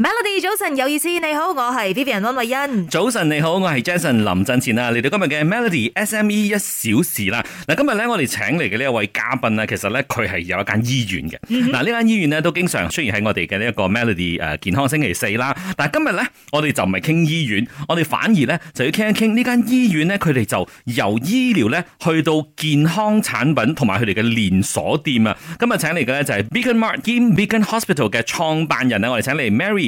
Melody 早晨有意思，你好，我係 Vivian 安慧欣。早晨你好，我係 Jason 林振前啊，嚟到今日嘅 Melody SME 一小時啦。嗱，今日咧，我哋請嚟嘅呢一位嘉賓啊，其實咧佢係有一間醫院嘅。嗱，呢間醫院咧都經常出現喺我哋嘅呢一個 Melody 誒健康星期四啦。但係今日咧我哋就唔係傾醫院，我哋反而咧就要傾一傾呢間醫院咧，佢哋就由醫療咧去到健康產品同埋佢哋嘅連鎖店啊。今日請嚟嘅咧就係 Beacon Mart 兼 Beacon Hospital 嘅創辦人咧，我哋請嚟 Mary。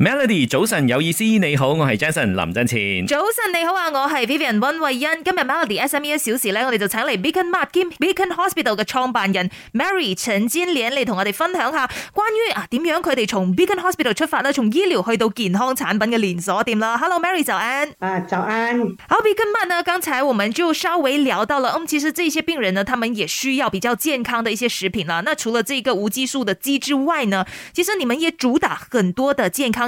Melody 早晨有意思，你好，我係 Jason 林振前。早晨你好啊，我係 Vivian 溫慧欣。今日 Melody SME 一小時咧，我哋就請嚟 Beacon Mart 兼 Beacon Hospital 嘅創辦人 Mary 陳志蓮嚟同我哋分享下關於啊點樣佢哋從 Beacon Hospital 出發啦，從醫療去到健康產品嘅連鎖店啦。Hello Mary，早安。啊，uh，早安。好，Beacon Mart 呢，剛才我們就稍微聊到了，嗯，其實這些病人呢，他們也需要比較健康的一些食品啦。那除了這個無激素的雞之外呢，其實你們也主打很多的健康。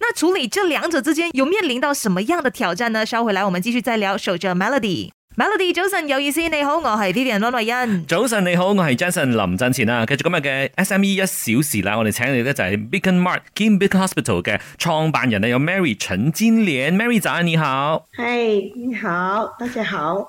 那處理這兩者之間，又面臨到什麼樣的挑戰呢？稍回來，我們繼續再聊。守着 Melody，Melody，早晨，有意思。你好，我係 Vivian 羅偉欣。早晨你好，我係 Jason 林振前啊。繼續今日嘅 SME 一小時啦，我哋請嚟咧就係 Beacon Mart 兼 Beacon Hospital 嘅創辦人有 Mary 陳金蓮。Mary，仔，你好。嗨，你好，大家好。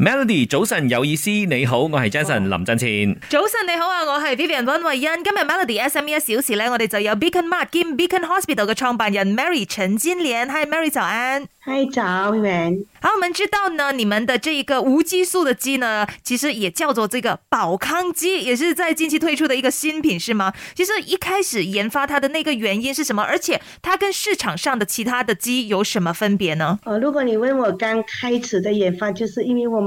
Melody 早晨有意思，你好，我係 Jason、oh. 林振前。早晨你好啊，我係 Vivian 溫慧欣。今日 Melody SME 一小時咧，我哋就有 Beacon Mart 兼 Beacon Hospital 嘅創辦人 Mary 陳金蓮。Hi Mary 早安。Hi 早 Vivian 好，我們知道呢，你們的這個無激素的雞呢，其實也叫做這個寶康雞，也是在近期推出的一個新品，是嗎？其、就、實、是、一開始研發它的那個原因是什麼？而且它跟市場上的其他的雞有什麼分別呢？哦、oh，如果你問我剛開始的研發，就是因為我。